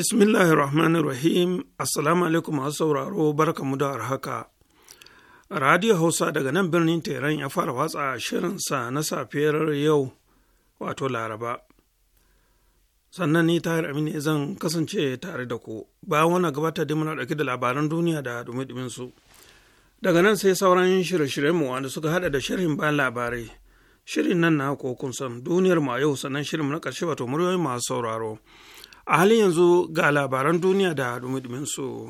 Bismillahir Rahmanir Rahim, Assalamu alaikum masu sauraro barkamu da haka. Radio Hausa daga nan birnin tehran ya fara watsa shirinsa na safiyar yau wato Laraba. Sannan ni Tahir amini zan kasance tare da ku. Bayan wani gabatar da muna ɗauki da labaran duniya da dumi su. Daga nan sai sauran shirye mu wanda suka haɗa da shirin bayan labarai. Shirin nan na kokun san duniyar ma yau sannan shirin na ƙarshe wato muryoyin masu sauraro. a halin yanzu ga labaran duniya da dumi su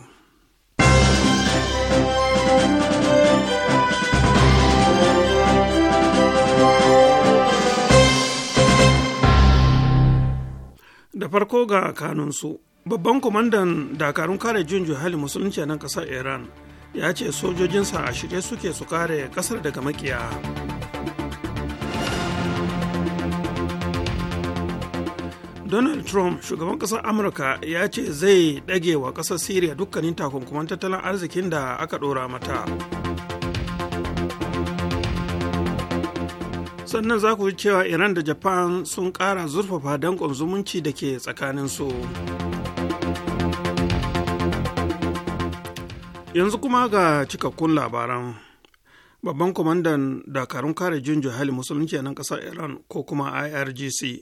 da farko ga kanunsu babban kwamandan dakarun kare jin hali musulunci a nan kasar iran ya ce sojojinsa a shirye suke su kare kasar daga makiya donald trump shugaban ƙasar amurka ya ce zai ɗage wa ƙasar syria dukkanin takunkuman tattalin arzikin da aka ɗora mata sannan za ku ji cewa iran da japan sun ƙara zurfafa danƙon zumunci da ke tsakaninsu yanzu kuma ga cikakkun labaran babban kwamandan dakarun kare jinjin hali musulunci a nan ƙasar iran ko kuma irgc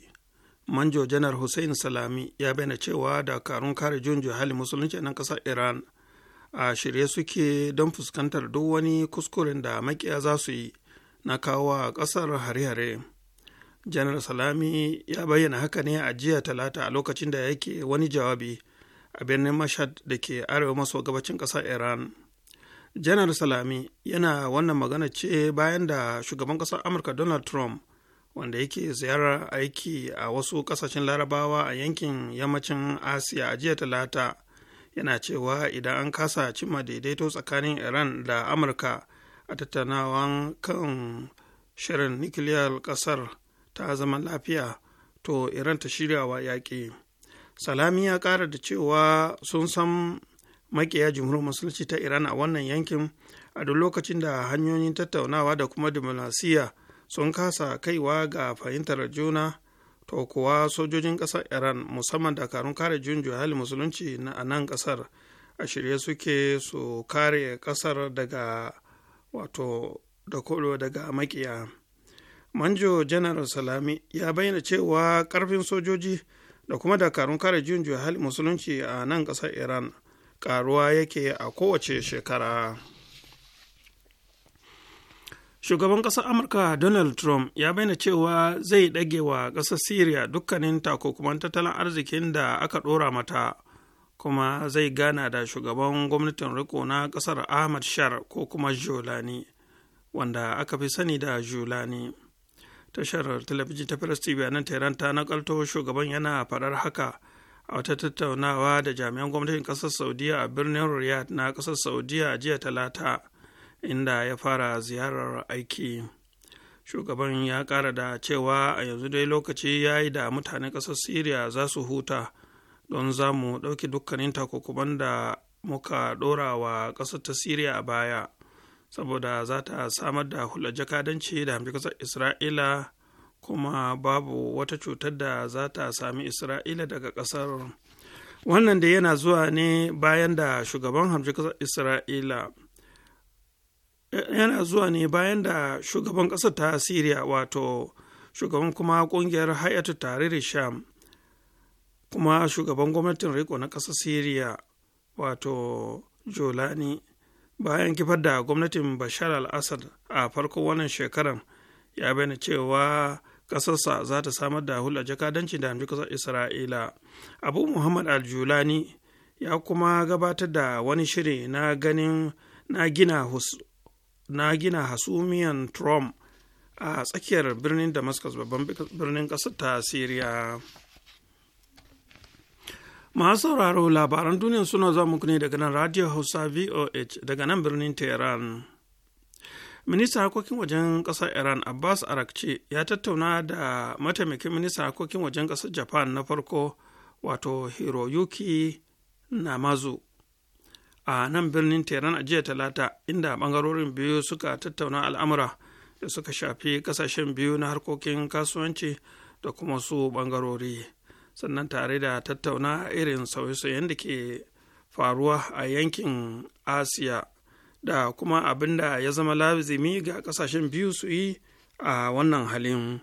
manjo janar hussein salami ya bayyana cewa dakarun kare junjo hali musulunci nan kasar iran a shirye suke don fuskantar duk wani kuskuren da makiya za su yi na kawo kasar hare-hare janar salami ya bayyana haka ne a jiya talata a lokacin da yake wani jawabi a birnin mashad da ke arewa maso gabacin kasar iran janar salami yana wannan magana ce bayan da shugaban kasar amurka donald trump wanda yake ziyarar aiki a wasu kasashen larabawa a yankin yammacin asiya a jiya talata yana cewa idan an kasa cimma daidaito tsakanin iran da amurka a tattaunawan kan shirin nukiliyar ƙasar ta zaman lafiya to iran ta shirya wa yaƙi salami ya kara da cewa sun san makiya jumhurin musulunci ta iran a wannan yankin a duk lokacin da hanyoyin tattaunawa da kuma dimulasiya sun kasa kaiwa ga fahimtar juna to kuwa sojojin kasar iran musamman dakarun kare junjo hali musulunci na nan kasar a shirye suke su kare kasar daga wato da kodo daga makiya manjo janar salami ya bayyana cewa karfin sojoji da kuma dakarun kare junjo hali musulunci a nan kasar iran ƙaruwa yake a kowace shekara. shugaban ƙasar amurka donald trump ya bayyana cewa zai ɗage wa ƙasar syria dukkanin takokuman tattalin arzikin da aka ɗora mata kuma zai gana da shugaban gwamnatin riko na ƙasar ahmad shar ko kuma jolani wanda aka fi sani da julani tashar talabijin ta firas tv a nan tehran ta nakalto shugaban yana faɗar haka a wata tattaunawa da jami'an gwamnatin ƙasar saudiya a birnin riyadh na ƙasar saudiya jiya talata inda ya fara ziyarar aiki shugaban ya kara da cewa a yanzu dai lokaci ya yi da mutane ƙasar syria za su huta don za mu ɗauki dukkanin takukuban da muka ɗora wa ƙasar ta syria a baya saboda za ta samar da hular jakadanci da hamji ƙasar isra'ila kuma babu wata cutar da za ta sami isra'ila daga ƙasar wannan da yana zuwa ne bayan da shugaban hamshi ƙasar isra'ila yana zuwa ne bayan da shugaban ƙasar ta Siriya wato shugaban kuma ƙungiyar hayatu da Sham kuma shugaban gwamnatin riko na ƙasar Siriya wato Jolani bayan kifar da gwamnatin Bashar al-Assad a farkon wannan shekaran ya bayyana cewa ƙasarsa za ta samar da hula jakadanci da hamji ƙasar Isra'ila. Abu Muhammad al-Julani ya kuma gabatar da wani shiri na ganin na gina na gina hasumiyan trump a tsakiyar birnin damascus babban birnin kasar ta syria masu sauraro labaran duniya suna zuwa muku ne daga nan radio hausa voh daga nan birnin tehran ministan harkokin wajen ƙasar iran abbas arakci ya tattauna da mataimakin ministan harkokin wajen ƙasar japan na farko wato hiroyuki namazu a nan birnin Teheran a jiya talata inda bangarorin biyu suka tattauna al'amura da suka shafi kasashen biyu na harkokin kasuwanci da kuma su bangarori sannan tare da tattauna irin sauye-sauyen da ke faruwa a yankin asiya da kuma abin da ya zama lazimi ga kasashen biyu su yi a wannan halin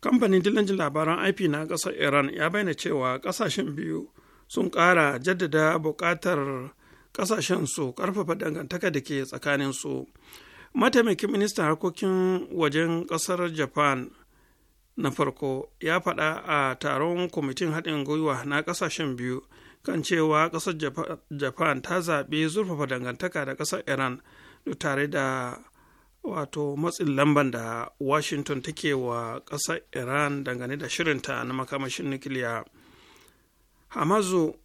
kamfanin dillancin labaran ip na ƙasar iran ya bayyana cewa kasashen biyu sun ƙara jaddada buƙatar kasashen su karfafa dangantaka da ke tsakanin su mataimakin ministan harkokin wajen kasar japan na farko ya faɗa a taron kwamitin haɗin gwiwa na ƙasashen biyu kan cewa ƙasar japan ta zaɓi zurfafa dangantaka da ƙasar iran da tare da wato matsin lamban da washington take wa ƙasar iran dangane da shirinta na makamashin nukiliya hamazu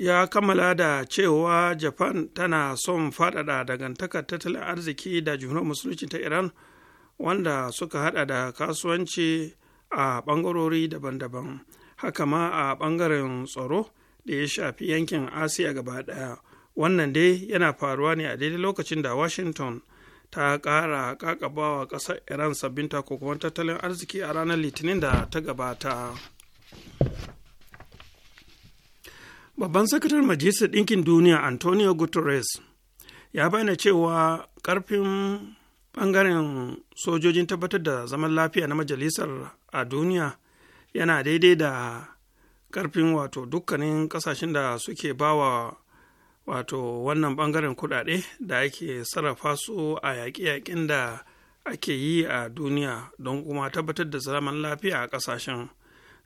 ya kammala da cewa japan tana son faɗaɗa dangantakar tattalin arziki da jumhuriyar musulunci ta iran wanda suka haɗa da kasuwanci a ɓangarori daban-daban haka ma a ɓangaren tsaro da ya shafi yankin asiya gaba ɗaya wannan dai yana faruwa ne a daidai lokacin da washington ta ƙara kakabawa ƙasar iran sabbin takunkuman tattalin arziki a ranar litinin da ta gabata. Babban sakatar Majalisar Ɗinkin Duniya Antonio Guterres ya bayyana cewa ƙarfin ɓangaren sojojin tabbatar da zaman lafiya na majalisar a duniya yana daidai da ƙarfin wato dukkanin ƙasashen da suke bawa wato wannan ɓangaren kuɗaɗe da ake sarrafa su a yaƙe-yaƙen da ake yi a duniya don kuma tabbatar da zaman lafiya a ƙasashen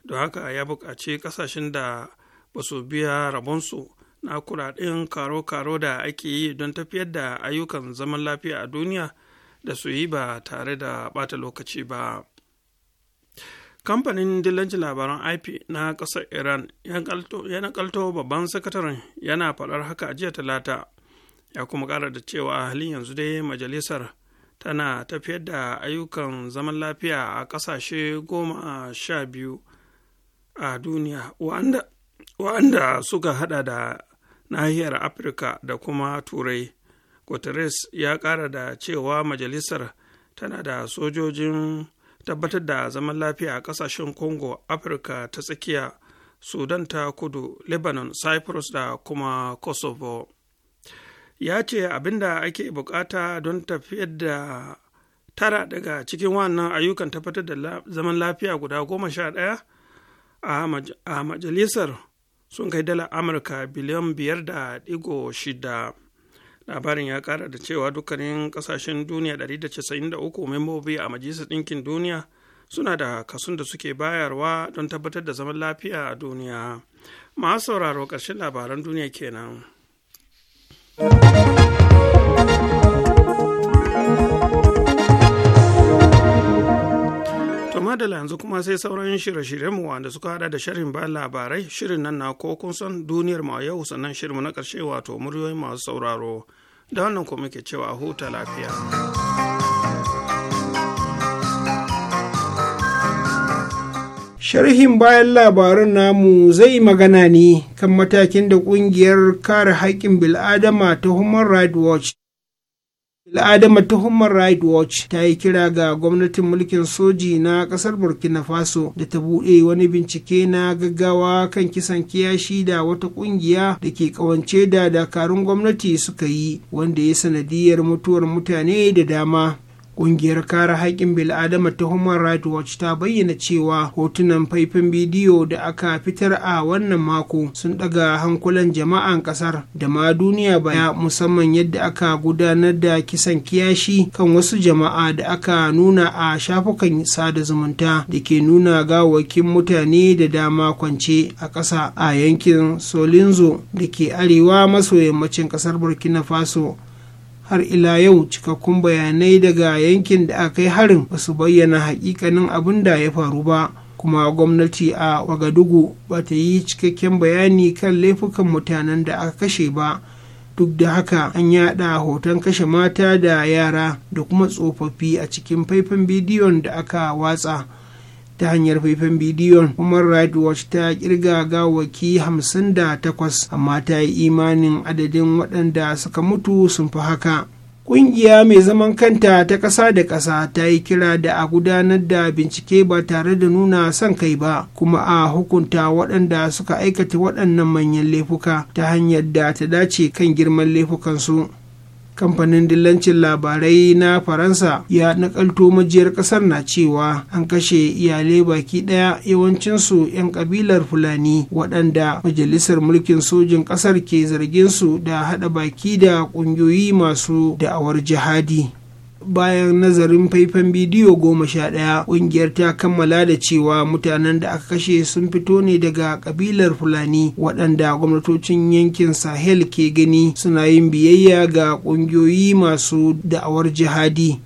don haka ya buƙaci ƙasashen da ba su biya rabonsu na kuɗaɗen karo-karo da ake yi don tafiyar da ayyukan zaman lafiya a duniya da su yi ba tare da ɓata lokaci ba. kamfanin dillancin labaran ip na ƙasar iran ya nakalto babban sakataren yana faɗar haka a jiya talata ya kuma ƙara da cewa halin yanzu dai majalisar tana tafiyar da ayyukan zaman lafiya a ƙasashe goma sha biyu a duniya wanda wanda suka hada da nahiyar afirka da kuma turai guterres ya kara da cewa majalisar tana da sojojin tabbatar da zaman lafiya a kasashen congo afirka ta tsakiya sudan ta kudu lebanon cyprus da kuma kosovo ya ce abinda ake bukata don tafiyar da tara daga cikin wannan ayyukan tabbatar da zaman lafiya guda goma sha ɗaya a majalisar sun kai dala amurka biliyan biyar da digo shida labarin ya kara da cewa dukkanin kasashen duniya 193 membobi a majalisar ɗinkin duniya suna da kasun da suke bayarwa don tabbatar da zaman lafiya a duniya masu sauraro ƙarshen labaran duniya kenan. madala yanzu kuma sai sauran shirye mu wanda suka hada da sharhin bayan labarai shirin nan na ko kun san duniyar ma yau sannan shirin na ƙarshe wato muryoyin masu sauraro da wannan kuma muke cewa huta lafiya. Sharhin bayan labarin namu zai magana ne kan matakin da ƙungiyar kare haƙƙin bil'adama ta Human Rights Watch Al'adama tuhumar Right Watch ta yi kira ga gwamnatin mulkin soji na ƙasar Burkina Faso da ta buɗe wani bincike na gaggawa kan kisan kiyashi da wata ƙungiya da ke ƙawance da dakarun gwamnati suka yi wanda ya sanadiyar mutuwar mutane da dama. Ƙungiyar kare haƙƙin bil'adama ta Human Rights Watch ta bayyana cewa hotunan faifin bidiyo da aka fitar a wannan mako sun ɗaga hankulan jama'an ƙasar da ma duniya baya musamman yadda aka gudanar da kisan kiyashi kan wasu jama'a da aka nuna a shafukan sada zumunta da ke nuna gawakin mutane da dama kwance a ƙasa a yankin Solinzo da ke arewa maso yammacin ƙasar Burkina Faso. har ila yau cikakkun bayanai daga yankin da aka yi harin ba su bayyana hakikanin abin da ya faru ba kuma gwamnati a wagadugu ba ta yi cikakken bayani kan laifukan mutanen da aka kashe ba duk da haka an yada hoton kashe mata da yara da kuma tsofaffi a cikin faifan bidiyon da aka watsa ta hanyar faifan bidiyon human rights watch ta kirga gawaki 58 amma ta yi imanin adadin waɗanda suka mutu sun fi haka Ƙungiya mai zaman kanta ta ƙasa da ƙasa ta yi kira da a gudanar da bincike ba tare da nuna son kai ba, kuma a hukunta waɗanda suka aikata waɗannan manyan laifuka ta hanyar da ta dace kan girman laifukansu. kamfanin dillancin labarai na faransa ya nakalto majiyar kasar na cewa an kashe iyalai baki daya yawancinsu 'yan kabilar fulani waɗanda majalisar mulkin sojin kasar ke zargin su da haɗa baki da ƙungiyoyi masu da'awar jihadi bayan nazarin faifan bidiyo goma sha ɗaya ƙungiyar ta kammala da cewa mutanen da aka kashe sun fito ne daga ƙabilar fulani waɗanda gwamnatocin yankin sahel ke gani suna yin biyayya ga ƙungiyoyi masu da'awar jihadi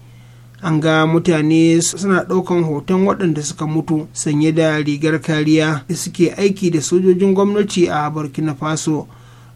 an ga mutane suna ɗaukan hoton waɗanda suka mutu sanye da rigar kariya da suke aiki da sojojin gwamnati a burkina faso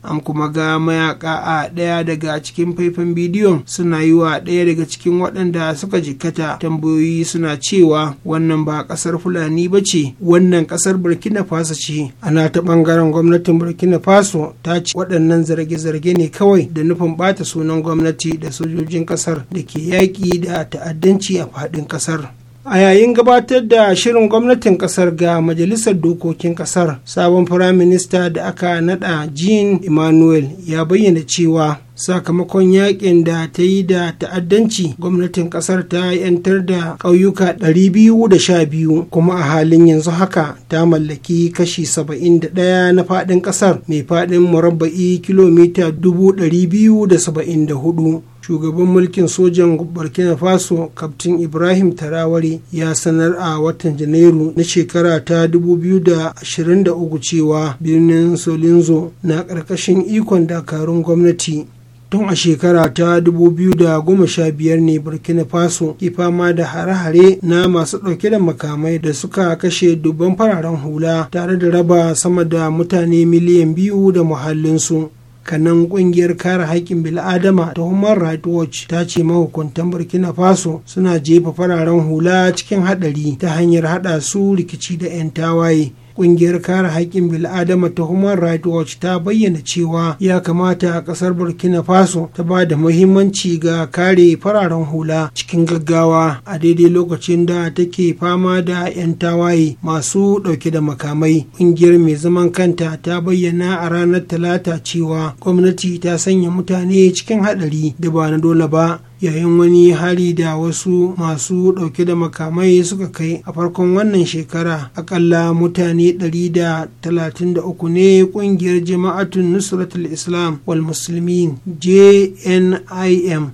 an kuma ga mayaka a ɗaya daga cikin faifan bidiyon suna yi wa ɗaya daga cikin waɗanda suka jikkata tambayoyi suna cewa wannan ba ƙasar fulani ba ce wannan ƙasar burkina faso ce ana ta ɓangaren gwamnatin burkina faso ta ce waɗannan zarge-zarge ne kawai da nufin ɓata sunan gwamnati da sojojin ƙasar da ke yaƙi da ta'addanci a faɗin ƙasar a yayin gabatar da shirin gwamnatin kasar ga majalisar dokokin kasar sabon firaminista da aka nada jean emmanuel ya bayyana cewa sakamakon yakin da ta yi da ta'addanci gwamnatin kasar ta yantar da ƙauyuka 212 kuma a halin yanzu haka ta mallaki kashi 71 na faɗin ƙasar, mai faɗin murabba'i kilomita 274 shugaban mulkin sojan burkina faso kaftin ibrahim tarawari ya sanar a watan janairu na shekara ta 2023 cewa birnin solinzo na ƙarƙashin ikon dakarun gwamnati tun a shekara ta 2015 ne burkina faso ke fama da hare-hare na masu ɗauke da makamai da suka kashe dubban fararen hula tare da raba sama da mutane miliyan biyu da muhallinsu kanan kungiyar kare haƙƙin bil'adama ta human rights watch ta ce mahukuntan burkina faso suna jefa fararen hula cikin haɗari ta hanyar haɗa su rikici da 'yan tawaye kungiyar kare haƙƙin bil'adama ta human rights watch ta bayyana cewa ya kamata ƙasar burkina faso ta ba da muhimmanci ga kare fararen hula cikin gaggawa a daidai lokacin da take fama da 'yan tawaye masu ɗauke da makamai kungiyar mai zaman kanta ta bayyana a ranar talata cewa gwamnati ta sanya mutane cikin haɗari da ba na dole ba yayin wani hari da wasu masu ɗauke da makamai suka kai a farkon wannan shekara akalla mutane 133 ne ƙungiyar jama'atun nusratul islam wal musulmin jnim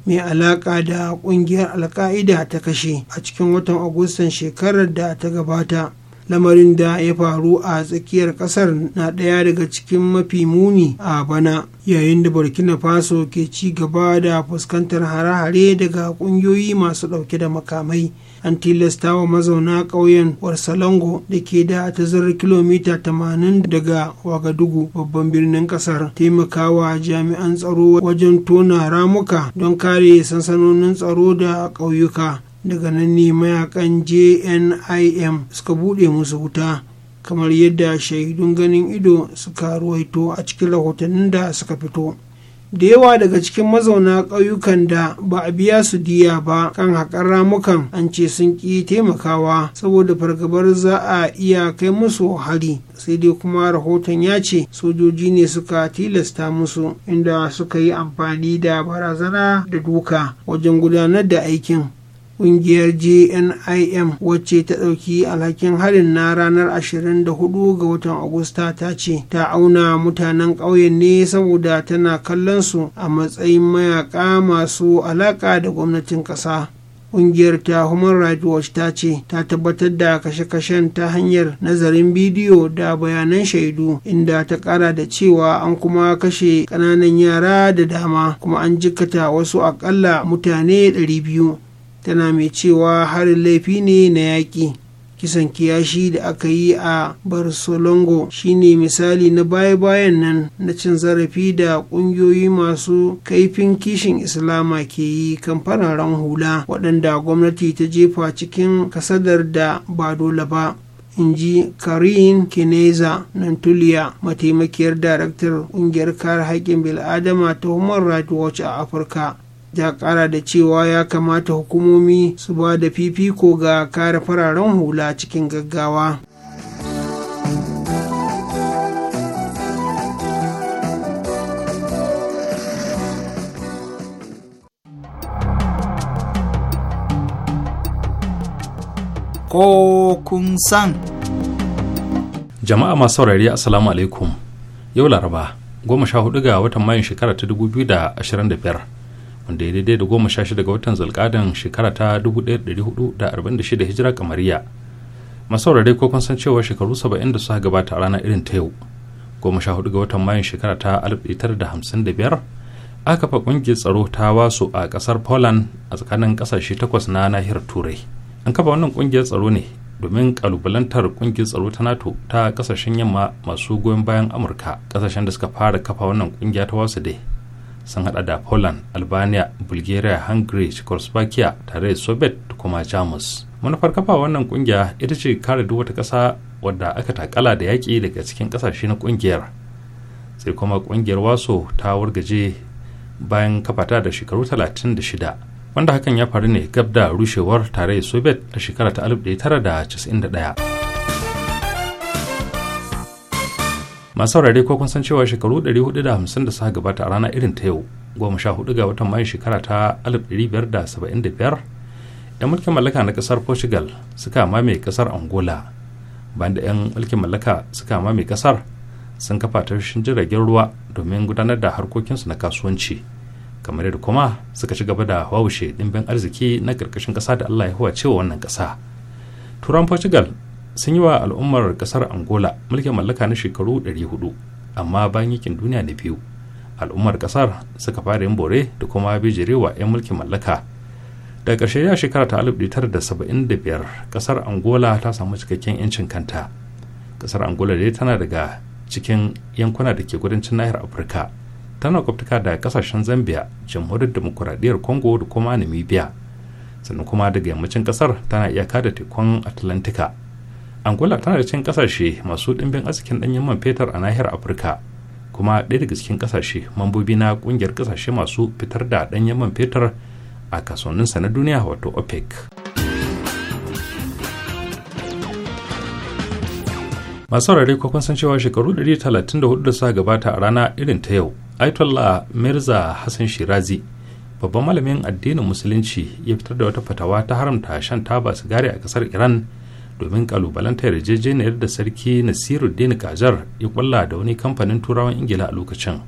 mai alaƙa da ƙungiyar alka'ida ta kashe a cikin watan agustan shekarar da ta gabata lamarin da ya faru a tsakiyar kasar na ɗaya daga cikin mafi muni a bana yayin da burkina faso ke ci gaba da fuskantar hare-hare daga ƙungiyoyi masu ɗauke da makamai an tilasta wa mazauna ƙauyen warsalango da ke da tazarar kilomita 80 daga wagadugu babban birnin ƙasar taimakawa jami'an tsaro wajen tona ramuka don kare sansanonin tsaro da ƙauyuka daga nan ne mayakan jnim suka buɗe musu wuta kamar yadda shaidun ganin ido suka ruwaito a cikin rahotannin da suka fito da yawa daga cikin mazauna ƙauyukan da ba a biya su diya ba kan haƙar ramukan an ce sun ƙi taimakawa saboda fargabar za a iya kai musu hari sai dai kuma rahoton ya ce sojoji ne suka tilasta musu inda suka yi amfani da barazana da duka wajen gudanar da aikin kungiyar GNIM wacce ta ɗauki alhakin harin na ranar 24 ga watan agusta ta ce ta auna mutanen ƙauyen ne saboda tana kallon su a matsayin mayaka masu alaƙa da gwamnatin ƙasa ƙungiyar ta human rights watch ta ce ta tabbatar da kashe-kashen ta hanyar nazarin bidiyo da bayanan shaidu inda ta ƙara da cewa an kuma kashe ƙananan yara da dama kuma an jikata wasu akalla mutane 200 tana mai cewa harin laifi ne na yaƙi kisan kiyashi da aka yi a barcelongo shine misali na baya-bayan nan na cin zarafi da ƙungiyoyi masu kaifin kishin islama ke yi kan fararen hula waɗanda gwamnati ta jefa cikin kasadar da ba dole ba in ji karin kineza nantuliya mataimakiyar daraktar ƙungiyar kare haƙƙin bil'adama ta human rights a afirka ya kara da cewa ya kamata hukumomi su ba da fifiko ga kare fararen hula cikin gaggawa ko kun san jama'a masu saurari assalamu alaikum yau laraba goma sha hudu ga watan mayun shekara ta 2025 wanda ya daidai da goma sha shida ga watan zalkadan shekara ta 1446 hijira kamariya masaurare ko kun san cewa shekaru saba'in da suka gabata a rana irin ta yau goma sha hudu ga watan mayun shekara ta 1955 aka kafa kungiyar tsaro ta wasu a kasar poland a tsakanin kasashe takwas na nahiyar turai an kafa wannan kungiyar tsaro ne domin kalubalantar kungiyar tsaro ta nato ta kasashen yamma masu goyon bayan amurka kasashen da suka fara kafa wannan kungiya ta wasu dai sun hada da poland albania bulgaria hungary czechoslovakia tare da soviet da kuma jamus manufar kafa wannan kungiya ita ce kare duk wata ƙasa wadda aka takala da yaƙi daga cikin ƙasashe na kungiyar sai kuma kungiyar waso ta wargaje bayan kafata da shekaru 36 wanda hakan ya faru ne gab da rushewar da soviet a shekara ta 1991 masu saurare ko kun san cewa shekaru 450 da suka gabata a rana irin ta yau goma sha hudu ga watan mayu shekara ta 1575 'yan mulkin mallaka na kasar portugal suka mame kasar angola bayan da 'yan mulkin mallaka suka mame kasar sun kafa tashin jiragen ruwa domin gudanar da harkokinsu na kasuwanci kamar yadda kuma suka ci gaba da wawushe dimbin arziki na karkashin ƙasa da allah ya cewa wannan ƙasa turan portugal sun yi wa al'ummar kasar angola mulkin mallaka na shekaru 400 amma bayan yakin duniya na biyu al'ummar kasar suka fara yin bore da kuma bijirewa 'yan mulkin mallaka daga ƙarshe ya shekara ta 1975 kasar angola ta samu cikakken 'yancin kanta kasar angola dai tana daga cikin yankuna da ke kudancin nahiyar afirka tana kwaftuka da kasashen zambia jamhuriyar demokuraɗiyyar congo da kuma namibia sannan kuma daga yammacin kasar tana iyaka da tekun atlantika angola tana da cin kasashe masu dimbin askin ɗanyen man fetur a nahiyar afirka kuma ɗaya daga cikin kasashe mambobi na kungiyar kasashe masu fitar da ɗanyen man fetur a kasuwanninsa na duniya wato opec masu rarrai kun san cewa shekaru 134 da suka gabata a rana irin ta yau aitola mirza hassan shirazi babban malamin addinin musulunci ya fitar da wata fatawa ta haramta shan taba sigari a kasar iran domin kalubalanta yarjejeniyar da sarki nasiruddin kajar ya kwalla da wani kamfanin turawan ingila a lokacin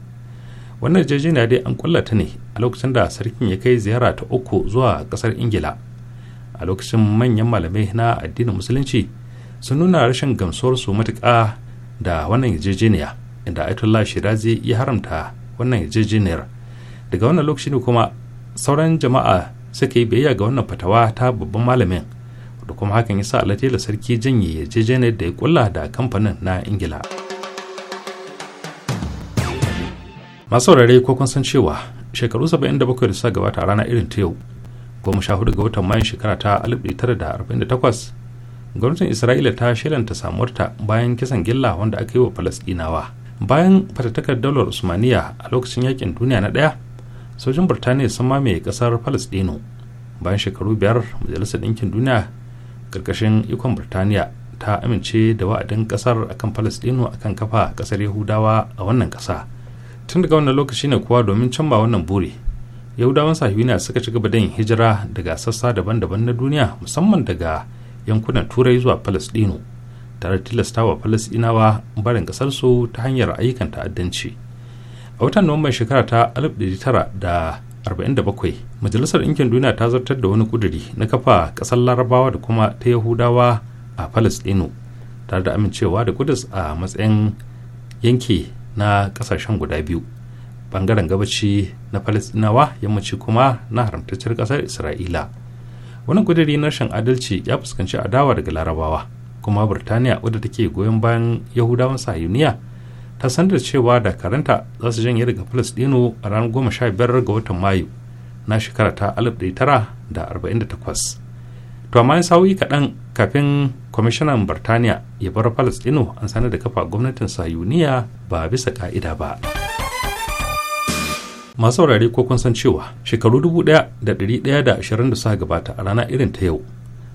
wannan yarjejeniya dai an kwalla ta ne a lokacin da sarkin ya kai ziyara ta uku zuwa kasar ingila a lokacin manyan malamai na addinin musulunci sun nuna rashin gamsuwar su matuka da wannan yarjejeniya inda Aitullah Shirazi ya haramta wannan yarjejeniyar daga wannan lokacin ne kuma sauran jama'a suka yi biyayya ga wannan fatawa ta babban malamin da kuma hakan ya sa alatela sarki janye ya je janet da ya kulla da kamfanin na ingila masu saurare ko kun san cewa shekaru 77 da sa gabata a rana irin ta yau goma sha hudu ga watan mayun shekara ta 1948 gwamnatin isra'ila ta shelanta samuwarta bayan kisan gilla wanda aka yi wa falasdinawa bayan fatattakar daular usmaniya a lokacin yakin duniya na daya sojin birtaniya sun mamaye kasar falasdino bayan shekaru biyar majalisar ɗinkin duniya ƙarƙashin ikon birtaniya ta amince da wa'adin ƙasar akan Falasɗinu akan kafa ƙasar yahudawa a wannan ƙasa tun daga wannan lokaci ne kuwa domin canba wannan buri yahudawan sahibina suka ci gaba da yin hijira daga sassa daban-daban na duniya musamman daga yankunan turai zuwa Falasɗinu, tare da tilastawa falastinawa barin ƙasarsu ta hanyar ayyukan ta'addanci a watan nuwamban shekara ta 1900 47 majalisar ɗinkin duniya ta zartar da wani kuduri na kafa ƙasar larabawa da kuma ta yahudawa a palestino tare da amincewa da kudus a matsayin yanki na ƙasashen guda biyu bangaren gabaci na palestinawa yammaci kuma na haramtacciyar ƙasar isra'ila wani kuduri na rashin adalci ya fuskanci adawa daga larabawa kuma Birtaniya wadda take goyon bayan yahudawan sahiyuniya ta da cewa dakaranta za su janye daga Dino a ranar goma sha biyar ga watan mayu na shekara ta 1948 to amma ya sa'o'i kaɗan kafin kwamishinan birtaniya ya bar Dino an sanar da kafa gwamnatin sayuniya ba bisa ka'ida ba masu saurare ko kun san cewa shekaru 1120 da suka gabata a rana irin ta yau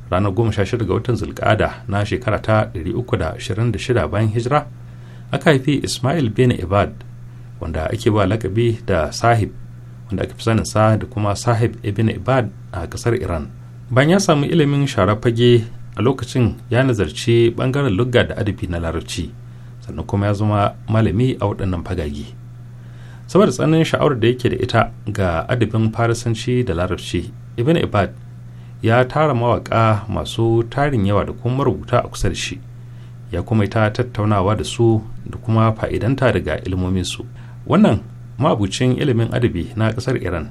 ranar 16 ga watan zulkada na shekara ta 326 bayan hijira aka haifi ismail bin ibad wanda ake ba lakabi da sahib wanda aka fi sa da kuma sahib ibn ibad a kasar iran bayan ya samu ilimin sharafage a lokacin ya nazarci bangaren lugga da adabi na larabci sannan kuma ya zama malami a waɗannan fagage saboda tsananin sha'awar da yake da ita ga adabin farisanci da larabci ibn ibad ya tara mawaƙa masu tarin yawa da kuma marubuta a kusa da shi ya kuma ta tattaunawa da su da kuma fa'idanta daga ilmominsu wannan mabucin ilimin adabi na ƙasar iran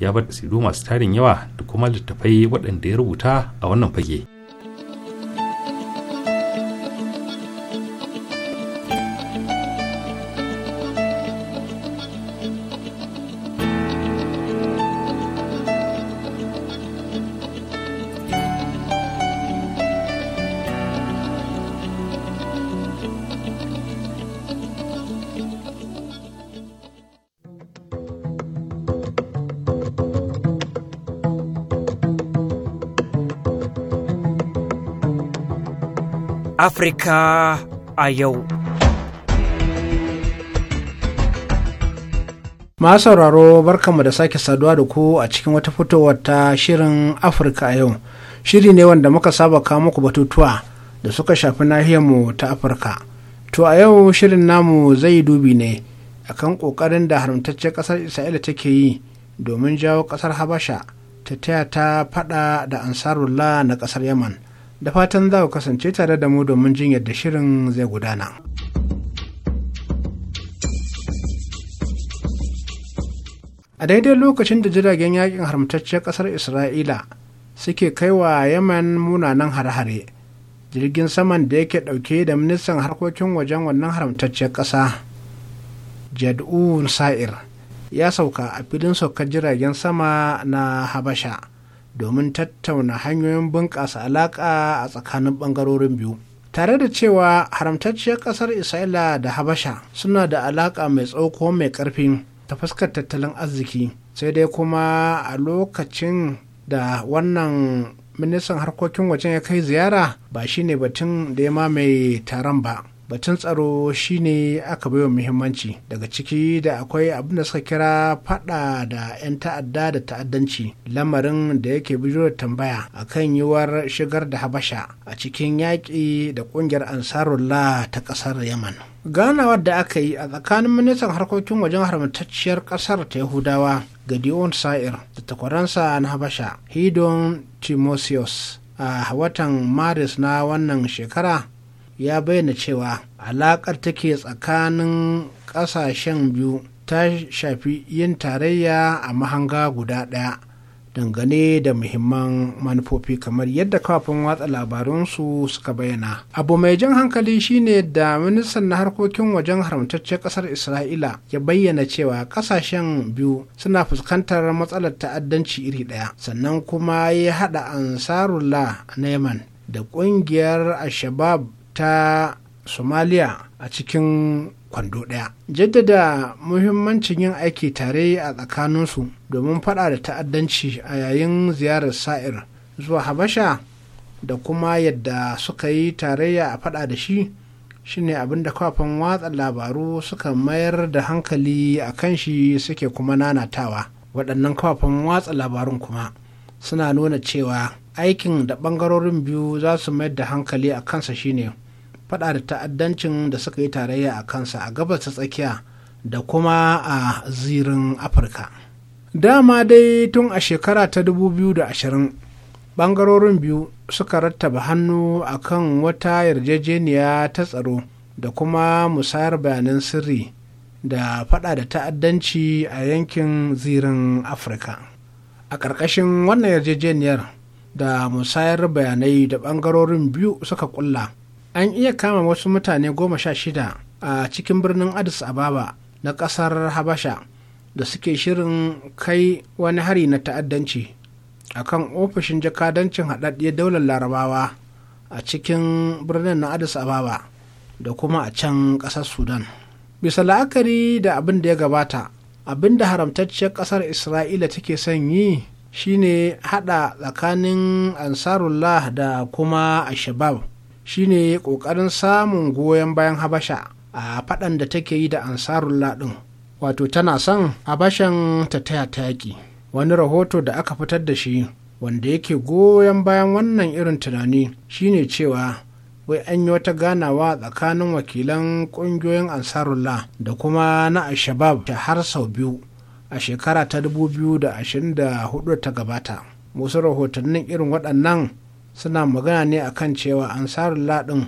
ya bar sidu masu tarin yawa da kuma littattafai waɗanda ya rubuta a wannan fage. Afirka a yau. Ma sauraro barkanmu da sake saduwa da ku a cikin wata fitowar ta shirin Afirka a yau. Shiri ne wanda muka saba kawo muku batutuwa da suka shafi mu ta Afirka. To a yau shirin namu zai dubi ne akan ƙoƙarin da haramtaccen kasar Isra'ila take yi domin jawo ƙasar Habasha ta taya ta faɗa da ansarullah na ƙasar Yaman. da fatan za ku kasance tare da mu domin jin yadda shirin zai gudana. A daidai lokacin da jiragen yakin haramtacciyar ƙasar Isra'ila suke kaiwa Yaman munanan hare-hare, jirgin saman da yake ɗauke da ministan harkokin wajen wannan haramtacciyar ƙasa, Jad'u Sa'ir, ya sauka a filin saukar jiragen sama na Habasha. domin tattauna hanyoyin bunƙasa alaƙa a tsakanin ɓangarorin biyu tare da cewa haramtacciyar ƙasar isra'ila da habasha suna da alaƙa mai tsoko mai ƙarfi ta fuskar tattalin arziki sai dai kuma a lokacin da wannan ministan harkokin wajen ya kai ziyara ba shi ne batun da ya mamaye taron ba batun tsaro shine aka baiwa muhimmanci daga ciki da akwai abin da suka kira fada da 'yan ta'adda da ta'addanci lamarin da yake bijo da tambaya a kan yiwuwar shigar da habasha a cikin yaƙi da ƙungiyar ansarullah ta ƙasar yaman ganawar da aka yi a tsakanin ministan harkokin wajen haramtacciyar ƙasar ta yahudawa gadion sa'ir da takwaransa na habasha hidon timosius a watan maris na wannan shekara ya bayyana cewa alaƙar take tsakanin ƙasashen biyu ta shafi yin tarayya a mahanga guda ɗaya dangane da muhimman manufofi kamar yadda kafin watsa labarunsu suka bayyana abu mai jan hankali shine da ministan na harkokin wajen haramtaccen kasar isra'ila ya bayyana cewa kasashen biyu suna fuskantar matsalar ta'addanci iri ɗaya sannan kuma ya hada ansarullah na yaman da kungiyar al ta somaliya a cikin kwando ɗaya jaddada muhimmancin yin aiki tare a tsakaninsu domin faɗa da ta'addanci a yayin ziyarar sa'ir zuwa habasha da kuma yadda suka yi tarayya a faɗa da shi shine abin da kafin watsa labaru suka mayar da hankali a kan shi suke kuma nanatawa waɗannan kafin watsa labarun kuma suna nuna cewa aikin da ɓangarorin biyu za su mayar da hankali a kansa shine fada da ta'addancin da suka yi tarayya a kansa a gabas ta tsakiya da kuma a zirin afirka dama dai tun a shekara ta 2020 bangarorin biyu suka rattaba hannu a kan wata yarjejeniya ta tsaro da kuma musayar bayanan sirri da fada da ta'addanci a yankin zirin afirka a ƙarƙashin wannan yarjejeniyar da musayar bayanai da bangarorin biyu suka kulla an iya kama wasu mutane goma sha shida a cikin birnin addis ababa na ƙasar habasha da suke shirin kai wani hari na ta'addanci a kan ofishin jakadancin haɗaɗɗiyar daular larabawa a cikin birnin na addis ababa da kuma a can ƙasar sudan bisa la'akari da abin da ya gabata abin da haramtacciyar ƙasar isra'ila take son yi shine haɗa tsakanin ansarullah da kuma ashabab shine ƙoƙarin samun goyon bayan habasha a faɗan da take yi da ansarun ɗin wato tana son habashan ta taya ta yaƙi wani rahoto da aka fitar da shi wanda yake goyon bayan wannan irin tunani shine cewa wai an yi wata ganawa tsakanin wakilan ƙungiyoyin ansarulla da kuma na ashabab ta har sau biyu a shekara ta 2024 ta gabata musu rahotannin irin waɗannan suna magana ne a kan cewa ansarullah ɗin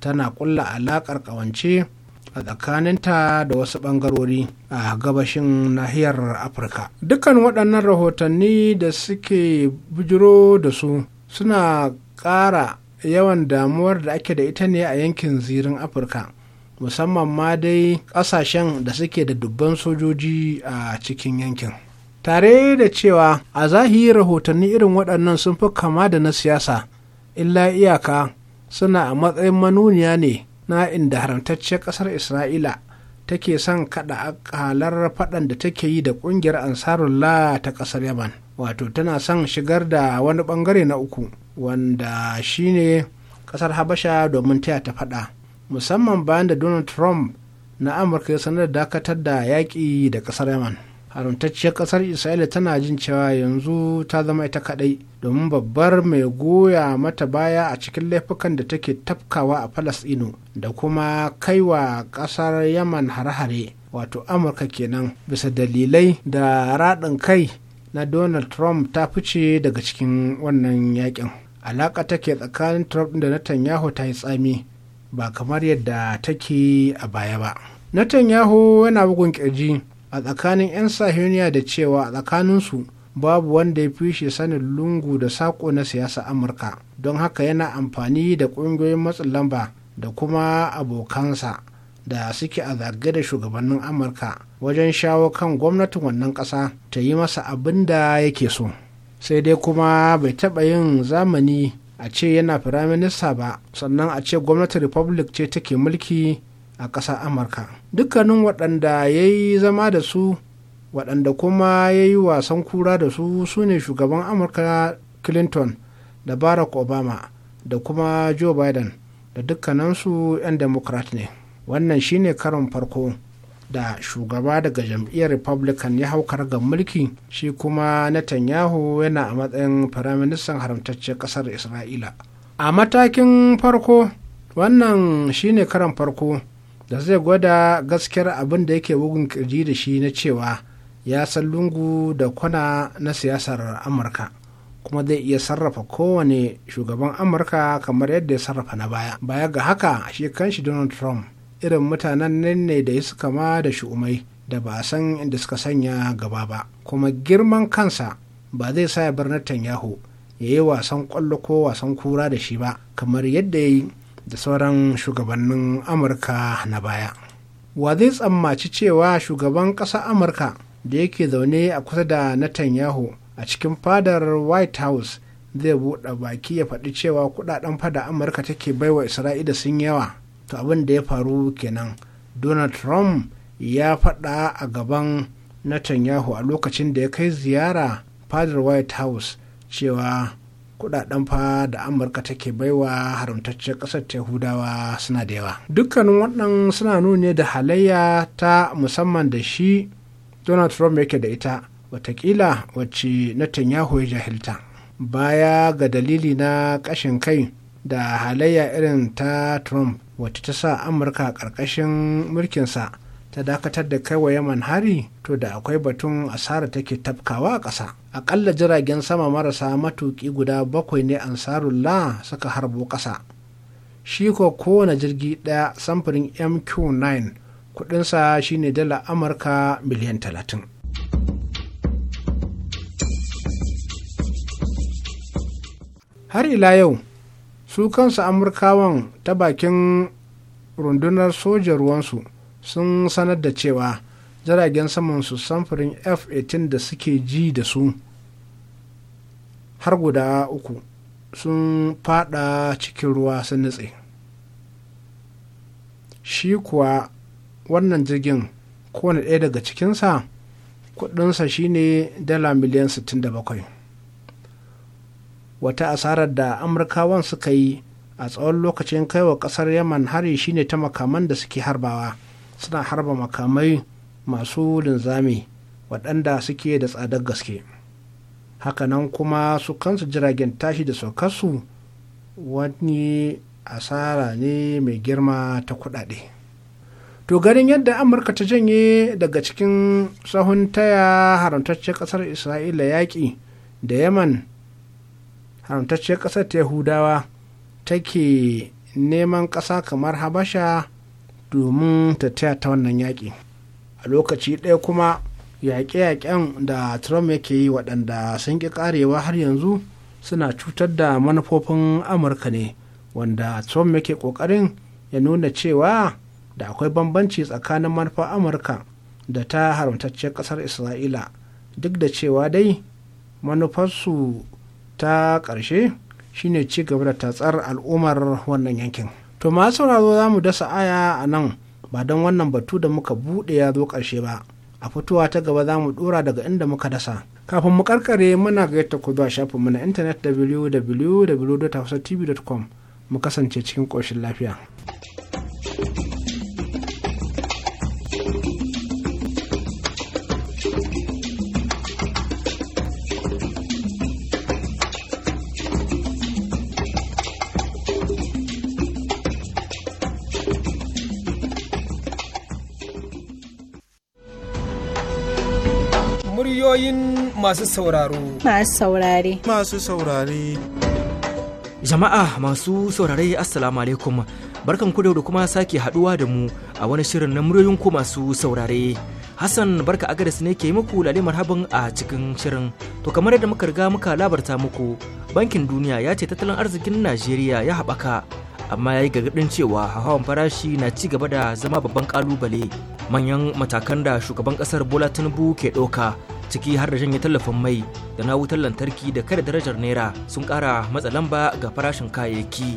tana kulla alaƙar ƙawance a tsakaninta da wasu ɓangarori a gabashin nahiyar afirka dukkan waɗannan rahotanni da suke bujiro da su suna ƙara yawan damuwar da ake da ita ne a yankin zirin afirka musamman ma dai ƙasashen da suke da dubban sojoji a cikin yankin tare da cewa a zahiri rahotanni irin waɗannan sun fi kama da na siyasa illa iyaka suna a matsayin manuniya ne na inda haramtacciyar ƙasar isra'ila take son kaɗa akalar faɗan da take yi da ƙungiyar ansarullah ta ƙasar yaman wato tana son shigar da wani ɓangare na uku wanda shine ƙasar habasha domin taya ta faɗa musamman bayan da donald trump na amurka ya sanar da dakatar da yaƙi da ƙasar yaman haramtacciyar kasar isra'ila tana jin cewa yanzu ta zama ita kadai domin babbar mai goya mata baya a cikin laifukan da take tafkawa a falasino da kuma kaiwa kasar yaman hare-hare wato amurka kenan bisa dalilai da raɗin kai na donald trump ta fice daga cikin wannan yakin alaƙa take tsakanin trump da netanyahu ta yi tsami ba kamar yadda take a baya ba netanyahu yana bugun kirji a tsakanin 'yan sahiyoniya da cewa a tsakaninsu babu wanda ya fi shi sanin lungu da saƙo na siyasa amurka don haka yana amfani da ƙungiyoyin matsin lamba da kuma abokansa da suke a zage da shugabannin amurka wajen shawo kan gwamnatin wannan ƙasa ta yi masa abin da yake so sai dai kuma bai taɓa yin zamani a ce yana firaminista ba sannan a ce gwamnatin republic ce take mulki a ƙasar amurka dukkanin waɗanda ya yi zama da su waɗanda kuma ya yi wasan kura da su su ne shugaban amurka clinton da barack obama da kuma joe biden da dukkaninsu 'yan democrat ne wannan shine karon farko da shugaba daga jam'iyyar republican ya haukar ga mulki shi kuma netanyahu yana a matsayin firaministan haramtaccen ƙasar isra'ila a matakin farko wannan shine karan farko da zai gwada gaskiyar abin da yake bugun kirji da shi na cewa ya san lungu da kwana na siyasar amurka kuma zai iya sarrafa kowane shugaban amurka kamar yadda ya sarrafa na baya baya ga haka shi kanshi donald trump irin mutanen nan ne da ya suka ma da shumai da ba a san inda suka sanya gaba ba kuma girman kansa ba zai sa ya bar ya yi wasan kwallo ko wasan kura da shi ba kamar yadda ya yi da sauran shugabannin amurka na baya wa zai tsammaci cewa shugaban ƙasa amurka da yake zaune a kusa da netanyahu a cikin fadar white house zai buɗe baki ya faɗi cewa kuɗaɗen fada amurka take baiwa isra'ila sun yawa to abin da ya faru kenan donald trump ya faɗa a gaban netanyahu a lokacin da ya kai ziyara fadar white house cewa kudaden fa da amurka take baiwa ƙasar kasar yahudawa suna da yawa dukkanin wannan suna nuni da halayya ta musamman da shi donald trump yake da ita watakila wacce na ya jahilta baya ga dalili na kashin kai da halayya irin ta trump wacce ta sa amurka ƙarƙashin mulkinsa ta dakatar da kai wa yaman hari to da akwai batun asara take tafkawa a ƙasa aƙalla jiragen sama marasa matuƙi guda bakwai ne ansarullah suka harbo ƙasa shi ko kowane jirgi ɗaya samfurin mq9 kuɗinsa shine dala amurka miliyan talatin. har ila yau su kansu amurkawan ta bakin rundunar sojan ruwansu sun sanar da cewa jiragen saman su samfurin f-18 da suke ji da su har guda uku sun fada cikin ruwa sun nutse shi kuwa wannan jirgin kowane ɗaya daga cikinsa kudinsa shine dala miliyan 67 wata asarar da amurkawan suka yi a tsawon lokacin kaiwa kasar yaman hari shine ta makaman da suke harbawa suna harba makamai masu linzami waɗanda suke da tsadar gaske hakanan kuma su kansu jiragen tashi da saukarsu wani asara ne mai girma ta kuɗaɗe. to ganin yadda amurka ta janye daga cikin sahun taya haramtacciyar ƙasar isra'ila yaƙi da yaman haramtacciyar ƙasar ta yahudawa take neman ƙasa kamar habasha domin ta taya ta wannan yaƙi a lokaci ɗaya kuma yaƙe-yaƙen da trump yake yi waɗanda sun ƙi ƙarewa har yanzu suna cutar da manufofin amurka ne wanda trump yake ƙoƙarin ya nuna cewa da akwai bambanci tsakanin manufar amurka da ta haramtacciyar ƙasar isra'ila duk da cewa dai manufarsu ta ƙarshe shine ci gaba da tatsar al'ummar wannan yankin. to ma sauraro za mu dasa aya a nan ba don wannan batu da muka buɗe ya zo ƙarshe ba a fitowa ta gaba za mu ɗora daga inda muka dasa kafin mu karkare muna gayyata ku zuwa shafin mu na intanet www.tv.com mu kasance cikin ƙoshin lafiya. ra'ayoyin masu sauraro. Masu saurare. Masu saurare. Jama'a masu saurare Assalamu alaikum barkan ku da kuma sake haduwa da mu a wani shirin na muryoyin ku masu saurare. Hassan barka agares ne ke muku lalle marhaban a cikin shirin. To kamar yadda muka riga muka labarta muku bankin duniya ya ce tattalin arzikin Najeriya ya haɓaka amma ya yi gargaɗin cewa hawan farashi na ci gaba da zama babban ƙalubale manyan matakan da shugaban ƙasar Bola Tinubu ke ɗauka ciki har da janye tallafin mai da na wutar lantarki da kada darajar naira sun kara matsa lamba ga farashin kayayyaki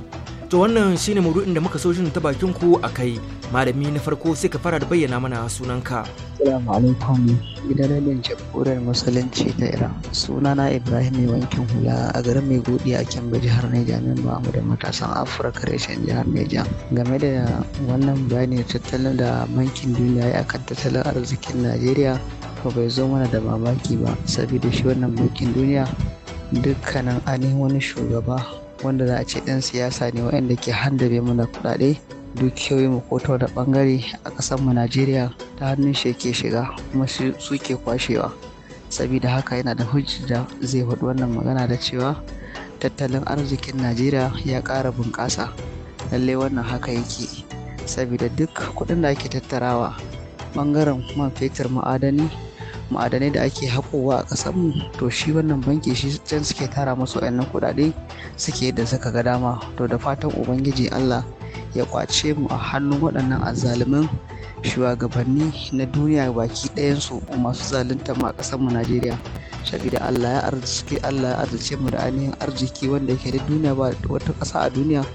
to wannan shine maudu'in da muka so shin ta bakin ku a kai malami na farko sai ka fara da bayyana mana sunanka assalamu alaikum gidan radiyon jamhuriyar musulunci ta iran sunana ibrahim mai wankin hula a garin mai godi a kyamba jihar neja min ba mu da matasan afirka reshen jihar neja game da wannan bayani tattalin da bankin duniya ya akan tattalin arzikin najeriya fa bai zo mana da mamaki ba saboda shi wannan mulkin duniya dukkanin ainihin wani shugaba wanda za a ce ɗan siyasa ne waɗanda ke handare mana kuɗaɗe mu ko ta wani ɓangare a mu najeriya ta hannun shi ke shiga kuma su ke kwashewa saboda haka yana da hujja zai faɗi wannan magana da cewa tattalin arzikin najeriya ya ƙara bunƙasa lallai wannan haka yake saboda duk kuɗin da ake tattarawa ɓangaren man fetur ma'adani ma'adanai da ake haƙowa a ƙasar mu to shi wannan banki shi can suke tara musu wayannan kuɗaɗe suke yadda suka ga dama to da fatan ubangiji Allah ya kwace mu a hannun waɗannan azzalumin shugabanni na duniya baki ɗayansu masu zalunta mu a ƙasar mu Najeriya saboda Allah ya arziki Allah ya arzice mu da ainihin arziki wanda yake da duniya ba wata ƙasa a duniya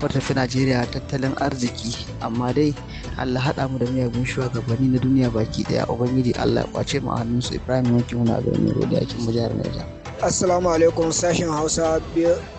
ba fi Najeriya tattalin arziki amma dai Allah haɗa mu da miyagun shugabanni na duniya baki daya ubangiji Allah ya kwace mu a hannunsu Ibrahim Yankin muna ga rodi akin kin mu jihar Niger assalamu alaikum sashen hausa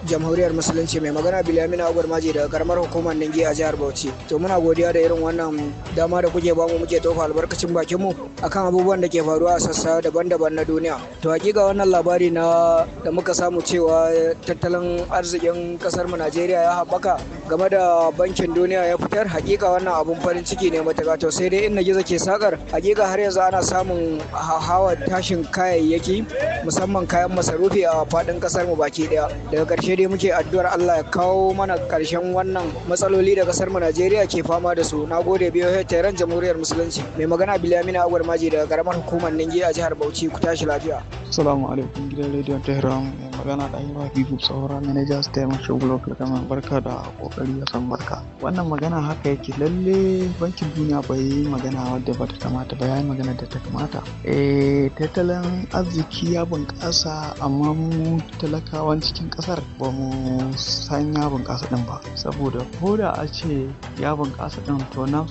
jamhuriyar musulunci mai magana bilyamin agwar maji daga karamar hukumar ningi a jihar bauchi to muna godiya da irin wannan dama da kuke bamu muke tofa albarkacin bakinmu mu akan abubuwan da ke faruwa a sassa daban-daban na duniya to hakika wannan labari na da muka samu cewa tattalin arzikin kasar mu najeriya ya haɓaka game da bankin duniya ya fitar hakika wannan abun farin ciki ne matuƙa to sai dai inda gizo ke sakar hakika har yanzu ana samun hawa tashin kayayyaki musamman kayan masarufi a fadin kasar mu baki daya daga karshe dai muke addu'ar Allah ya kawo mana karshen wannan matsaloli da kasar mu Najeriya ke fama da su na gode biyo taron jamhuriyar musulunci mai magana Bilamina Agwar Maji daga ƙaramar hukumar Ninge a jihar Bauchi ku tashi lafiya Assalamu alaikum gidan rediyon Tehran mai magana da Ayuba Habibu Saura manager Stemma Shuglo Kalkaman barka da kokari ya san barka wannan magana haka yake lalle bankin duniya bai yi magana wadda ba ta kamata ba yayi magana da ta kamata eh tattalin arziki ya bunƙasa amma mu talakawan cikin kasar ba mu san ya bunƙasa din ba saboda ko da a ce ya bunƙasa din to na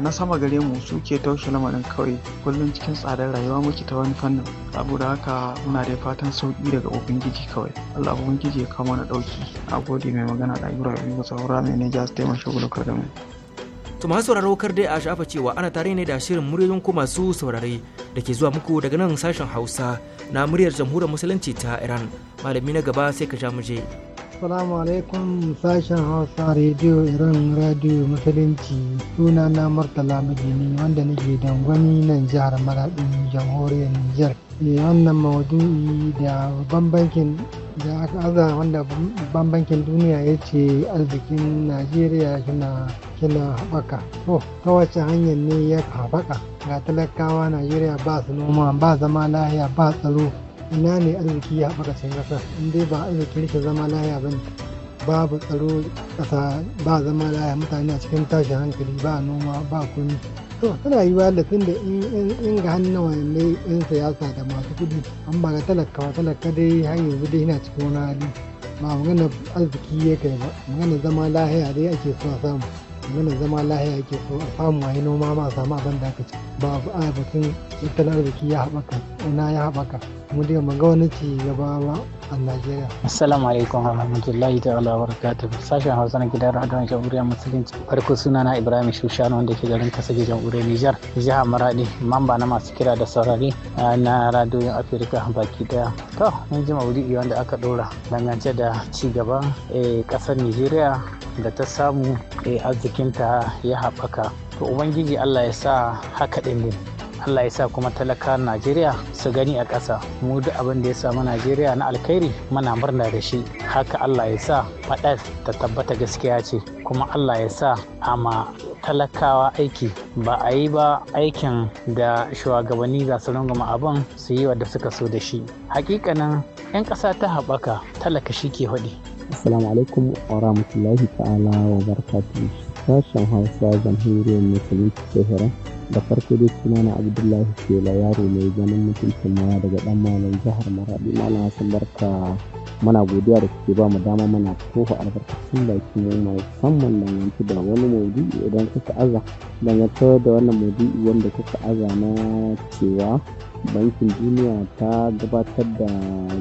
na sama gare mu suke taushe lamarin kawai kullum cikin tsadar rayuwa muke ta wani fannin saboda haka muna da fatan sauki daga ubangiji kawai allah ubangiji ya kama na dauki a gode mai magana da ayyura biyu saura mai ne jihar su taimaka gudu da mu. To masu sauraro kar dai a shafa cewa ana tare ne da shirin muryoyin ku masu saurare da ke zuwa muku daga nan sashen Hausa na muryar jamhuriyar musulunci ta Iran. Malami na gaba sai ka ja muje. Assalamu alaikum sashen Hausa Radio Iran Radio Musulunci suna na Murtala Mijini wanda nake dangwani nan jihar Maraɗi jamhuriyar Nijar. Eh, wannan mawadu da banbankin da aka aza wanda banbankin duniya ya ce arzikin Najeriya kina kina haɓaka. To, ta wace hanyar ne ya haɓaka? Ga talakawa Najeriya ba su noma ba zama lahiya ba tsaro ina ne arziki ya haɓaka cin ƙasa in dai ba arziki rike zama laya ba ne babu tsaro ƙasa ba zama laya mutane a cikin tashin hankali ba noma ba kuni. to tana yi wa lafin da in ga hannun wani yan siyasa da masu kudi an ba ga talaka talaka dai har yanzu dai yana cikin wani hali ba magana arziki ya kai ba magana zama lahiya dai ake so samu mana zama lahiya ke so a samu a yi noma ma a samu abin da aka ci ba a batun tattalin arziki ya haɓaka ina ya haɓaka mu dai mu ga wani ci gaba ba a Najeriya. Assalamu alaikum warahmatullahi ta'ala wa barakatuh. Sashen Hausa na gidan Radon Jamhuriyar Musulunci. Farko sunana Ibrahim Shushanu wanda ke garin Kasage Jamhuriyar Nijar, jihar Maradi, mamba na masu kira da saurari na radiyon Afirka baki daya. To, mun ji maudu'i wanda aka ɗora dangance da ci gaban e, ƙasar Nijeriya da ta samu e, arzikinta ya haɓaka. To Ubangiji Allah ya sa haka ɗin ne. allah ya sa kuma talaka najeriya su gani a ƙasa mu duk abin da ya samu najeriya na alkhairi muna murna da shi haka allah ya sa faɗar ta tabbata gaskiya ce kuma allah ya sa ama talakawa aiki ba a yi ba aikin da shugabanni za su rungama abin su yi wadda suka so da shi hakikanin 'yan ƙasa ta haɓaka talaka shi ke haɗi assalamu alaikum wa rahmatullahi ta'ala wa barakatuhu sashen hausa zan jamhuriyar musulunci tehran da farko dai suna na abdullahi shela yaro mai ganin mutuncin ma daga dan malam jihar maradi malam hassan barka mana godiya da kuke ba mu dama mana toho albarkacin baki ne musamman dangance da wani modi idan kuka aza dangantar da wannan maudu'i wanda kuka aza na cewa bankin duniya ta gabatar da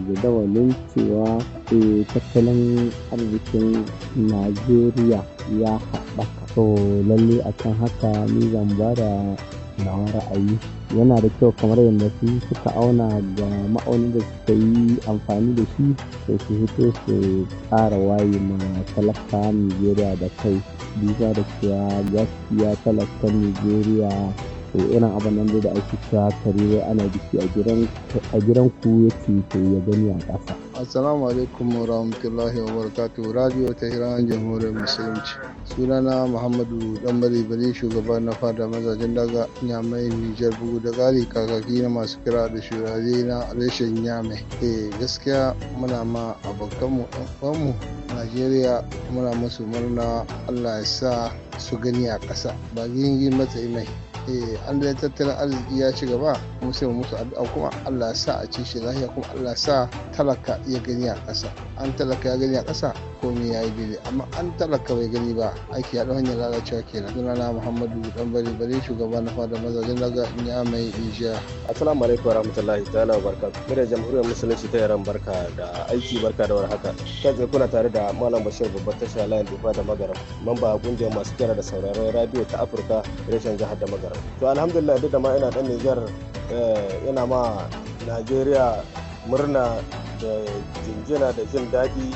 jadawalin cewa eh, tattalin arzikin najeriya ya haɓaka To lalle kan haka ni zan ba da nawa ra'ayi yana da kyau kamar yadda su suka auna ga ma'aunin da suka yi amfani da shi to su fito su ƙara waye ma talaka nigeria da kai bisa da cewa gaskiya talakan nigeria to irin abin nan da ake cewa kare ana biki a gidan ku ya to ya gani a ƙasa. Assalamu alaikum wa rahmatullahi wa barakatu radio ta hiran jamhuriyar musulunci. Sunana Muhammadu dan Bari shugaban na fada mazajen daga Nyamai Nijar bugu da gari kakaki na masu kira da shurare na reshen Nyamai. Eh gaskiya muna ma abokanmu ɗan uwanmu Najeriya muna musu murna Allah ya sa su gani a ƙasa ba yin yi matsayi mai Eh, an da tattalin arziki ya ci gaba mu sai musu addu'a kuma Allah sa a ci shi lafiya kuma Allah sa talaka ya gani a ƙasa an talaka ya gani a ƙasa komai ya yi daidai amma an talaka bai gani ba aiki ya hanyar lalacewa kenan sunana Muhammadu dan bari bari shugaba na fada mazajen daga ya mai ijia Assalamu alaikum warahmatullahi ta'ala wabarakatuh da jamhuriyar musulunci ta yaran barka da aiki barka da warhaka kai kuna tare da Malam Bashir babbar tasha layin Dufa da Magaram mamba kungiyar masu kira da sauraron radio ta Afirka reshen jihar da Magaram to alhamdulillah duk da ma ina dan Nijar yana eh, ma Najeriya murna da jinjina da jin daɗi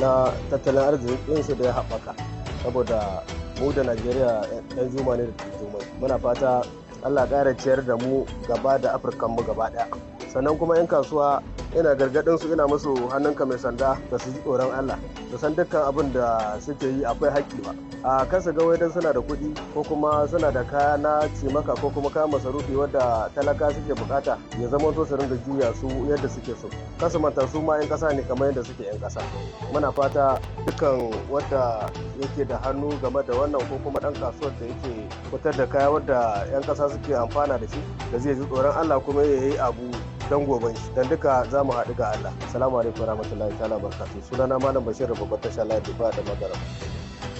na tattalin arzikin su da ya haɓaka saboda mu da Najeriya eh, ɗan juma ne da juma muna fata Allah ƙara ciyar da mu gaba da Afirkan mu gaba ɗaya sannan kuma 'yan kasuwa ina gargadin su ina musu hannunka mai sanda da su ji tsoron Allah da san dukkan abin da suke yi akwai haƙƙi ba a kasa ga wadan suna da kuɗi ko kuma suna da kaya na cimaka ko kuma kaya masarufi wadda talaka suke bukata ya zama to su ringa juya su yadda suke so kasu manta su ma 'yan ƙasa ne kamar yadda suke 'yan ƙasa muna fata dukkan wadda yake da hannu game da wannan ko kuma dan kasuwar da yake fitar da kaya wadda 'yan ƙasa suke amfana da shi da zai ji tsoron Allah kuma ya yi abu don goben shi don duka za mu haɗu ga Allah assalamu alaikum warahmatullahi ta'ala barkatu sunana malam bashir babbar tasha lafiya da magara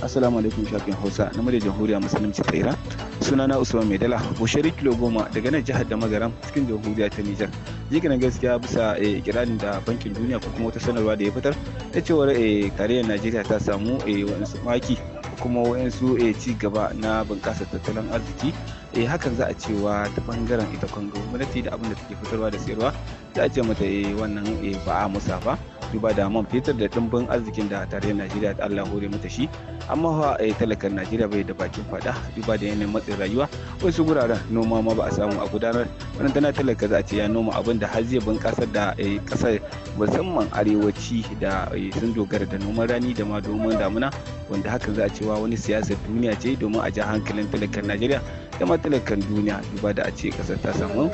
Assalamu alaikum shafin Hausa na murya jamhuriya musulunci ta Iran. Sunana Usman Maidala, Bushari kilo goma daga nan jihar da magaram cikin jamhuriya ta Nijar. Jikin gaskiya bisa eh, ikirarin da bankin duniya ko kuma wata sanarwa da ya fitar ta cewar kariyar eh, Najeriya ta samu eh, wani maki kuma waɗansu ci gaba na bunƙasa tattalin arziki eh hakan za a cewa ta bangaren ita kwan gwamnati da abin da take fitarwa da sayarwa za a ce mata eh wannan eh ba a musa ba duba da man fetur da dimbin arzikin da tare najeriya da allah hore mata shi amma fa eh, talakar najeriya bai da bakin fada duba da yanayin matsin rayuwa wasu guraren noma ma ba a samu a gudanar wannan tana talaka za a ce ya noma abin da har zai bunƙasar da eh, ƙasar musamman arewaci da eh, sun dogara da noman rani da ma domin damuna wanda hakan za a cewa wani siyasar duniya ce domin a ja hankalin talakar najeriya da ma talakan duniya duba da a ce kasar ta samu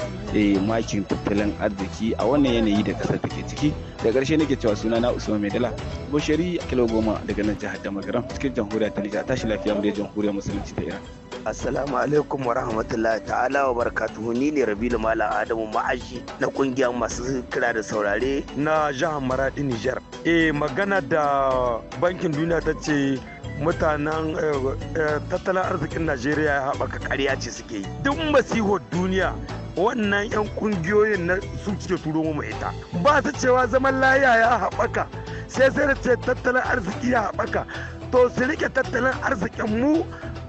makin tattalin arziki a wannan yanayi da kasar take ciki da ƙarshe nake cewa suna na usman maidala bushari kilo goma daga nan jihar damagaram cikin jamhuriyar talija tashi lafiya mu da jamhuriyar musulunci ta iran Assalamu alaikum wa rahmatullahi ta'ala wa barakatuhu ni ne Rabilu Malam Adamu ma'aji na kungiyar masu kira da saurare na jihar Maradi Nijar. Eh magana da bankin duniya ta ce mutanen eh, eh, tattalin arzikin najeriya ya haɓaka ƙarya ce suke yi duk masihar duniya wannan 'yan kungiyoyin na su ke turo mu ita ba su cewa zaman laya ya haɓaka sai sai da ce tattalin arziki ya haɓaka to su rike tattalin arzikin mu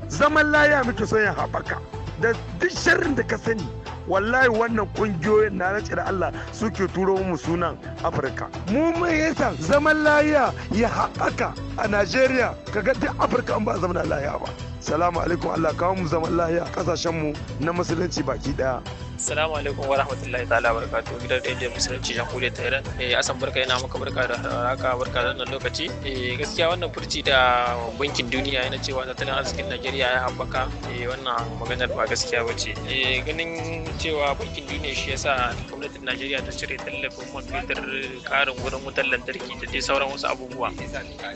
zaman laya muke son ya haɓaka da duk sharrin da ka sani wallahi wannan kungiyoyin na nace da Allah suke turo mu sunan Afirka mu mun yasa zaman lahiya ya haƙaka a Najeriya kaga duk Afirka an ba zaman lahiya ba salamu alaikum Allah kawo mu zaman lahiya kasashen mu na musulunci baki ɗaya. Assalamu alaikum wa rahmatullahi ta'ala wa barakatuhu gidan rediyon musulunci jamhuriyar ta Iran. Eh asan barka yana maka barka da haka barka da wannan lokaci. Eh gaskiya wannan furci da bankin duniya yana cewa tattalin arzikin Najeriya ya haɓaka. Eh wannan maganar ba gaskiya bace. Eh ganin cewa bankin duniya shi yasa gwamnatin Najeriya ta cire tallafin man fetur karin wurin wutar lantarki da dai sauran wasu abubuwa.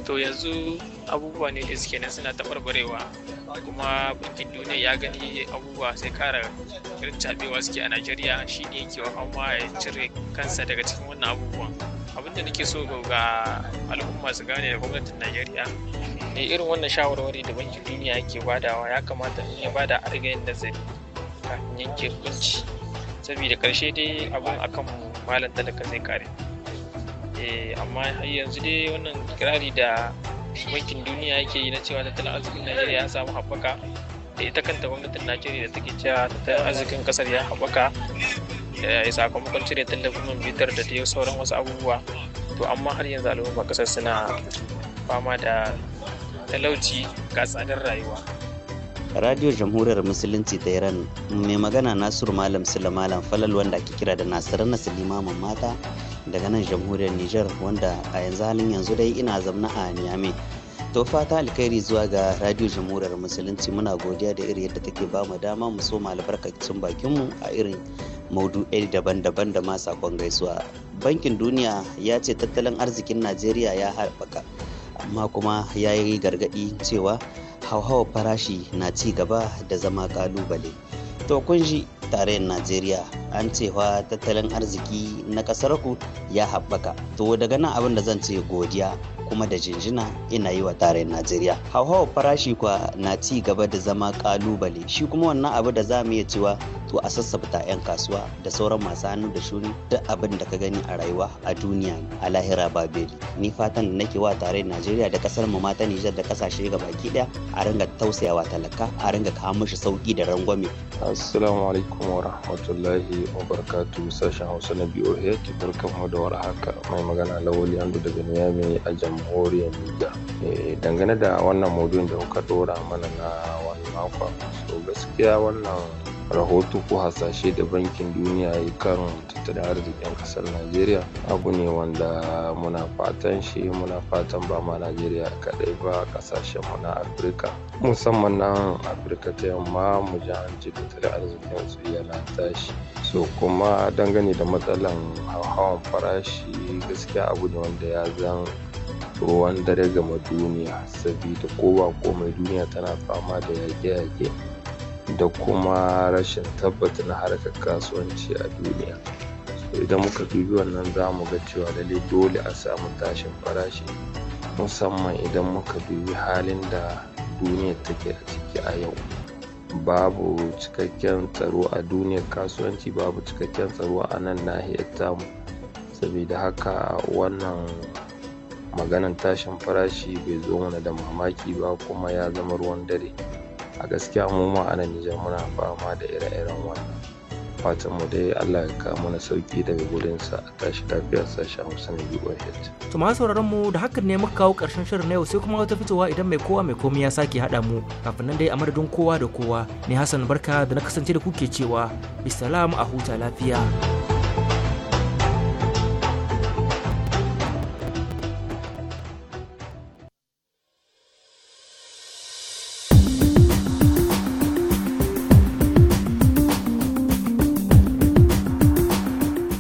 To yanzu abubuwa ne da suke nan suna tabarbarewa kuma bankin duniya ya gani abubuwa sai kara irin cabewa suke mulki a najeriya shi ne wa hawa ya cire kansa daga cikin wannan abubuwan abin da nake so ga al'umma su gane da gwamnatin najeriya da irin wannan shawarwari da bankin duniya yake badawa ya kamata in ya bada a rigayen nazari kafin yanke hukunci saboda karshe dai abin akan malam talaka zai kare eh, amma har yanzu dai wannan kirari da bankin duniya yake yi na cewa tattalin arzikin najeriya ya samu haɓaka da ita kanta gwamnatin najeriya da take cewa tattalin arzikin kasar ya haɓaka ya sakamakon cire tallafin bitar da dai sauran wasu abubuwa to amma har yanzu al'umma kasar suna fama da talauci ga tsadar rayuwa Radio Jamhuriyar Musulunci ta Iran mai magana Nasiru Malam Sula Malam Falal wanda ake kira da Nasiru Nasiru mata daga nan Jamhuriyar Nijar wanda a yanzu halin yanzu dai ina zamna a Niamey. To fata alkhairi zuwa ga Radio Jamhuriyar Musulunci muna godiya da iri yadda take bamu dama mu so albarkacin bakinmu a irin maudu'ai daban-daban da ma sakon gaisuwa. Bankin Duniya ya ce tattalin arzikin Najeriya ya haɓaka amma kuma ya yi gargaɗi cewa hauhawar farashi na ci gaba da zama kalubale To kun ji tarayyar Najeriya an cewa tattalin arziki na ƙasar ku ya haɓaka. To daga nan abin da zan ce godiya kuma da jinjina ina yi wa tarayyar Najeriya. Hauhawar farashi kwa na ci gaba da zama kalubale shi kuma wannan abu da za mu iya cewa to a sassabta 'yan kasuwa da sauran masu hannu da shuni duk abin da ka gani a rayuwa a duniya a lahira babeli. ni fatan da nake wa tare najeriya da kasar mu mata nijar da kasashe baki daya a ringa tausayawa talaka a ringa kawo mishi sauki da rangwame assalamu alaikum wa rahmatullahi wa barakatu sashen hausa na boh barkan mu da warhaka mai magana lawali andu daga niyami a jamhuriyar nijar eh, dangane da wannan mudun da kuka dora mana na wani makon so gaskiya wannan rahoto ko hasashe da bankin duniya ya kan tattalin arzikin ƙasar najeriya abu ne wanda muna fatan shi muna fatan ba ma najeriya kaɗai ba kasashen mu na afirka musamman nan afirka ta yamma mu ji an ce tattalin arzikin su yana tashi so kuma dangane da matsalan hauhawan farashi gaskiya abu ne wanda ya zan ruwan dare gama duniya sabida kowa komai duniya tana fama da yaƙe-yaƙe da kuma rashin tabbatar harkar kasuwanci a duniya idan muka dubi wannan za mu ga cewa lalle dole a samu tashin farashi musamman idan muka dubi halin da duniya take a ciki a yau babu cikakken tsaro a duniyar kasuwanci babu cikakken tsaro a nan nahiyar tamu Sabida haka wannan maganan tashin farashi bai zo mana da mamaki ba kuma ya zama ruwan dare a gaskiya mu ma a nan Nijar muna fama da ire-iren wannan fatan mu dai Allah ya kawo mana sauki daga gurinsa a tashi lafiyar sashen Hausa na uoh. To ma sauraron mu da hakan ne muka kawo karshen shirin na yau sai kuma wata fitowa idan mai kowa mai komai ya sake haɗa mu kafin nan dai a madadin kowa da kowa ne Hassan Barka da na kasance da kuke cewa bisalamu a huta lafiya.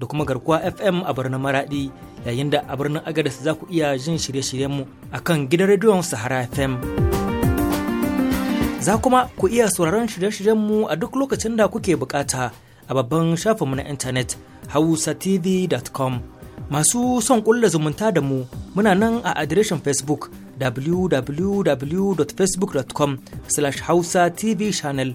da kuma garkuwa FM a birnin Maradi yayin da a birnin Agadez za ku iya jin shirye-shiryenmu a kan gidan rediyon Sahara FM. Za kuma ku iya sauraron shirye-shiryenmu a duk lokacin da kuke bukata a babban shafinmu na intanet hausatv.com. Masu son kulla zumunta da mu muna nan a adireshin Facebook www.facebook.com/hausa tv channel